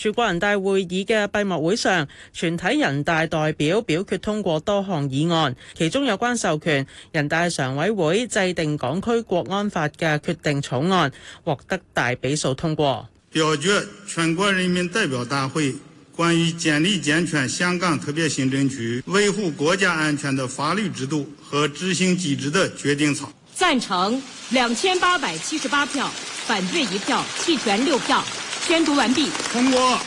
全國人大會議嘅閉幕會上，全體人大代表表決通過多項議案，其中有關授權人大常委會制定港區國安法嘅決定草案獲得大比數通過。表決全國人民代表大會關於建立健全香港特別行政區維護國家安全的法律制度和執行機制的決定草案，贊成兩千八百七十八票，反對一票，棄權六票。宣讀完畢。通過。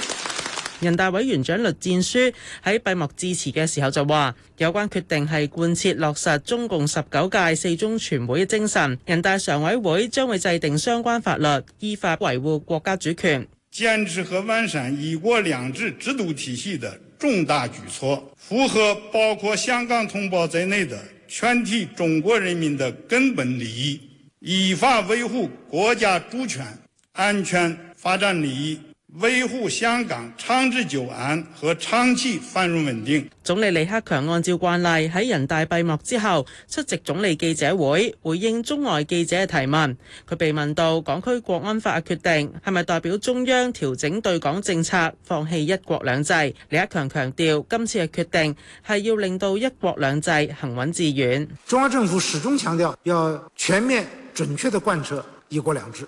人大委員長栗戰書喺閉幕致辭嘅時候就話：有關決定係貫徹落實中共十九屆四中全會嘅精神，人大常委會將會制定相關法律，依法維護國家主權。堅持和完善“一國兩制”制度體系的重大舉措，符合包括香港同胞在內的全體中國人民的根本利益，依法維護國家主權。安全發展利益，維護香港長治久安和長期繁榮穩定。總理李克強按照慣例喺人大閉幕之後出席總理記者會回應中外記者嘅提問，佢被問到港區國安法嘅決定係咪代表中央調整對港政策，放棄一國兩制？李克強強調今次嘅決定係要令到一國兩制行穩致遠，中央政府始終強調要全面準確的貫徹一國兩制。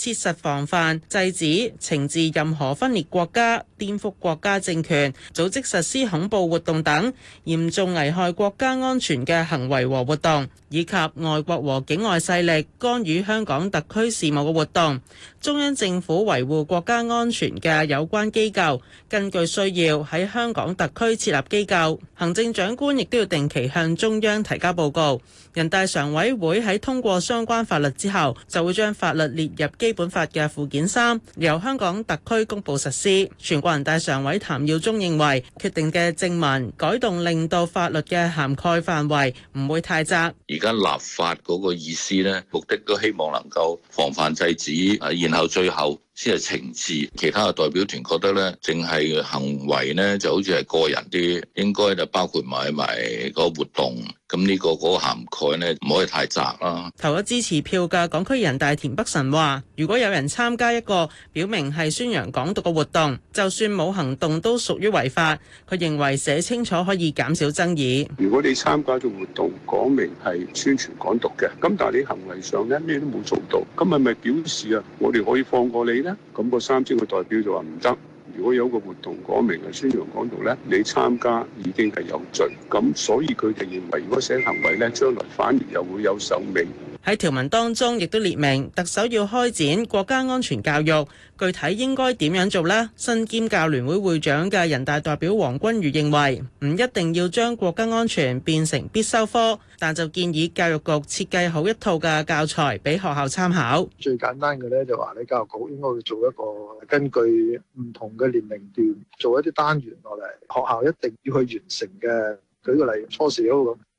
切實防範、制止、懲治任何分裂國家、顛覆國家政權、組織實施恐怖活動等嚴重危害國家安全嘅行為和活動，以及外國和境外勢力干預香港特區事務嘅活動，中央政府維護國家安全嘅有關機構根據需要喺香港特區設立機構，行政長官亦都要定期向中央提交報告。人大常委會喺通過相關法律之後，就會將法律列入基本法嘅附件三，由香港特區公布實施，全國。人大常委譚耀宗認為，決定嘅正文改動令到法律嘅涵蓋範圍唔會太窄。而家立法嗰個意思呢，目的都希望能夠防範制止，然後最後。先係情節，其他嘅代表團覺得咧，淨係行為呢就好似係個人啲，應該就包括埋埋個活動，咁呢個嗰個涵蓋呢，唔可以太窄啦。投咗支持票嘅港區人大田北辰話，如果有人參加一個表明係宣揚港獨嘅活動，就算冇行動都屬於違法。佢認為寫清楚可以減少爭議。如果你參加咗活動，講明係宣傳港獨嘅，咁但係你行為上咧咩都冇做到，咁係咪表示啊，我哋可以放過你呢？咁個三千個代表就話唔得，如果有個活動講明係宣揚港獨咧，你參加已經係有罪，咁所以佢哋認為如果寫行為咧，將來反而又會有壽命。喺條文當中，亦都列明特首要開展國家安全教育，具體應該點樣做呢？身兼教聯會會長嘅人大代表黃均瑜認為，唔一定要將國家安全變成必修科，但就建議教育局設計好一套嘅教材俾學校參考。最簡單嘅咧，就話你教育局應該去做一個根據唔同嘅年齡段做一啲單元落嚟，學校一定要去完成嘅。舉個例子，初小。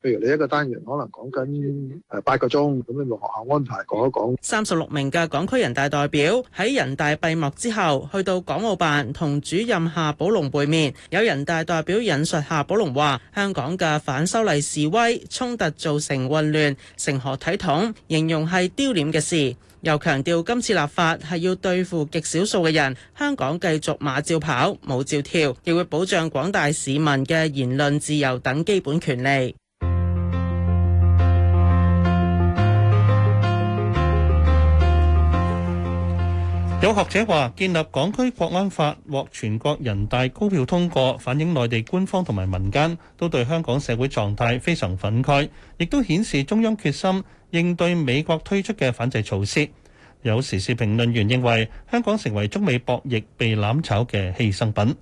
譬如你一個單元可能講緊誒八個鐘，咁你個學校安排講一講。三十六名嘅港區人大代表喺人大閉幕之後，去到港澳辦同主任夏寶龍會面，有人大代表引述夏寶龍話：香港嘅反修例示威衝突造成混亂、成何體統，形容係丟臉嘅事。又強調今次立法係要對付極少數嘅人，香港繼續馬照跑、舞照跳，亦會保障廣大市民嘅言論自由等基本權利。有學者話：建立港區國安法獲全國人大高票通過，反映內地官方同埋民間都對香港社會狀態非常憤慨，亦都顯示中央決心應對美國推出嘅反制措施。有時事評論員認為，香港成為中美博弈被攬炒嘅犧牲品。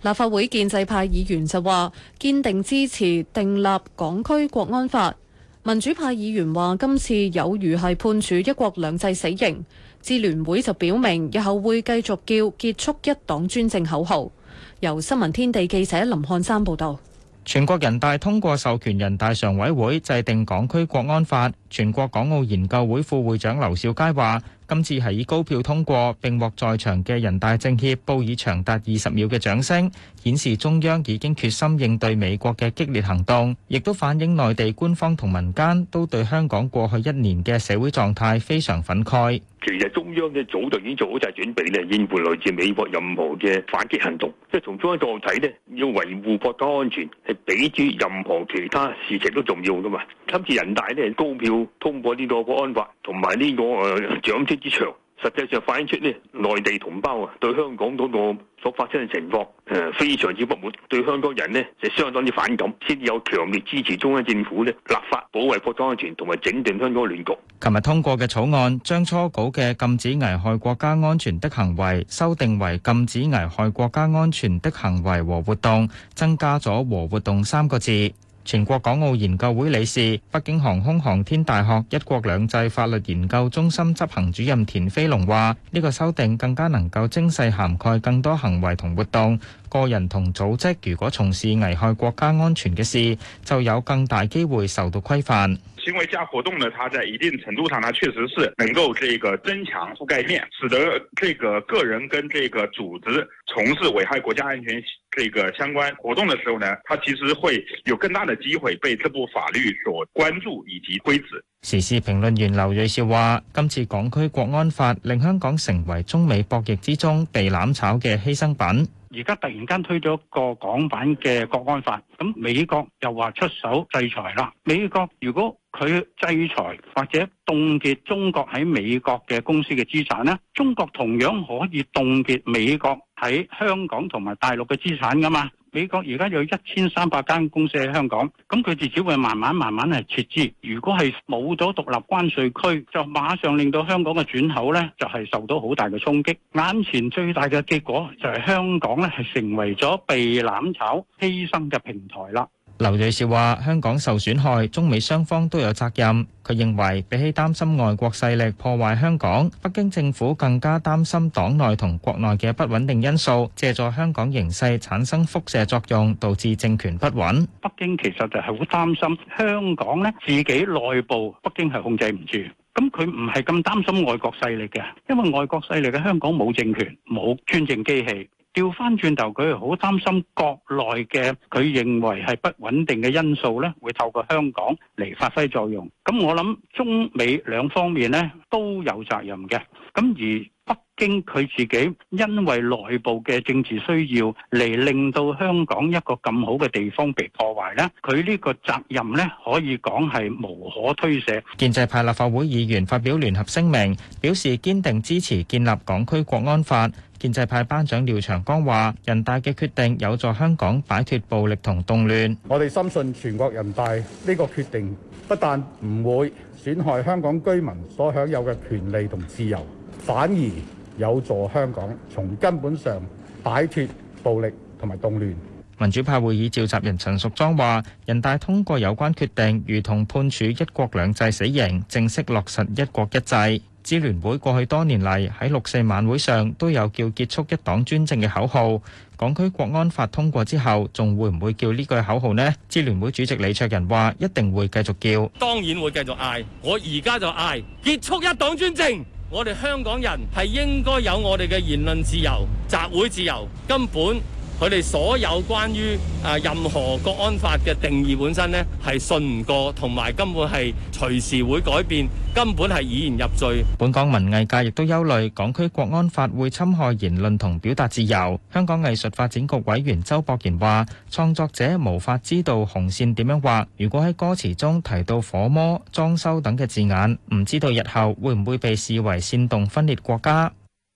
立法會建制派議員就話：堅定支持訂立港區國安法。民主派議員話：今次有如係判處一國兩制死刑。智聯會就表明，日後會繼續叫結束一黨專政口號。由新聞天地記者林漢山報導。全國人大通過授權人大常委會制定港區國安法。全國港澳研究會副會長劉兆佳話，今次係以高票通過，並獲在場嘅人大政協報以長達二十秒嘅掌聲，顯示中央已經決心應對美國嘅激烈行動，亦都反映內地官方同民間都對香港過去一年嘅社會狀態非常憤慨。其實中央呢早就已經做好晒準備呢，應付來自美國任何嘅反擊行動。即係從中央角度睇呢，要維護國家安全係比住任何其他事情都重要㗎嘛。今次人大呢高票。通過呢個《國安法》同埋呢個誒掌聲之長，實際上反映出咧內地同胞啊對香港嗰度所發生嘅情況誒非常之不滿，對香港人咧就相當之反感，先有強烈支持中央政府咧立法保衞國家安全同埋整頓香港亂局。琴日通過嘅草案，將初稿嘅禁止危害國家安全的行為修訂為禁止危害國家安全的行為和活動，增加咗和活動三個字。全國港澳研究會理事、北京航空航天大學一國兩制法律研究中心執行主任田飛龍話：呢個修訂更加能夠精細涵蓋更多行為同活動，個人同組織如果從事危害國家安全嘅事，就有更大機會受到規範。因為加活動呢，它在一定程度上，呢確實是能夠這個增強覆蓋面，使得這個個人跟這個組織從事危害國家安全這個相關活動的時候呢，它其實會有更大的機會被這部法律所關注以及規制。時事評論員劉瑞兆話，今次港區國安法令香港成為中美博弈之中被攬炒嘅犧牲品。而家突然間推咗個港版嘅國安法，咁美國又話出手制裁啦。美國如果佢制裁或者凍結中國喺美國嘅公司嘅資產咧，中國同樣可以凍結美國喺香港同埋大陸嘅資產㗎嘛？美國而家有一千三百間公司喺香港，咁佢至只會慢慢慢慢嚟撤資。如果係冇咗獨立關稅區，就馬上令到香港嘅轉口咧，就係受到好大嘅衝擊。眼前最大嘅結果就係香港咧，係成為咗被攬炒犧牲嘅平台啦。劉瑞紹話：香港受損害，中美雙方都有責任。佢認為，比起擔心外國勢力破壞香港，北京政府更加擔心黨內同國內嘅不穩定因素，借助香港形勢產生輻射作用，導致政權不穩。北京其實就係好擔心香港呢，自己內部北京係控制唔住。咁佢唔係咁擔心外國勢力嘅，因為外國勢力喺香港冇政權，冇專政機器。調翻轉頭，佢又好擔心國內嘅佢認為係不穩定嘅因素咧，會透過香港嚟發揮作用。咁我諗中美兩方面咧都有責任嘅。咁而北京佢自己因為內部嘅政治需要嚟令到香港一個咁好嘅地方被破壞咧，佢呢個責任咧可以講係無可推卸。建制派立法會議員發表聯合聲明，表示堅定支持建立港區國安法。建制派班長廖長江話，人大嘅決定有助香港擺脫暴力同動亂。我哋深信全國人大呢個決定不但唔會損害香港居民所享有嘅權利同自由，反而有助香港從根本上擺脱暴力同埋動亂。民主派會議召集人陳淑莊話，人大通過有關決定，如同判處一國兩制死刑，正式落實一國一制。支聯會過去多年嚟喺六四晚會上都有叫結束一黨專政嘅口號，港區國安法通過之後仲會唔會叫呢句口號呢？支聯會主席李卓人話一定會繼續叫。當然會繼續嗌，我而家就嗌結束一黨專政。我哋香港人係應該有我哋嘅言論自由、集會自由，根本。佢哋所有關於啊任何國安法嘅定義本身呢，係信唔過，同埋根本係隨時會改變，根本係以言入罪。本港文藝界亦都憂慮，港區國安法會侵害言論同表達自由。香港藝術發展局委員周博賢話，創作者無法知道紅線點樣劃。如果喺歌詞中提到火魔、裝修等嘅字眼，唔知道日後會唔會被視為煽動分裂國家。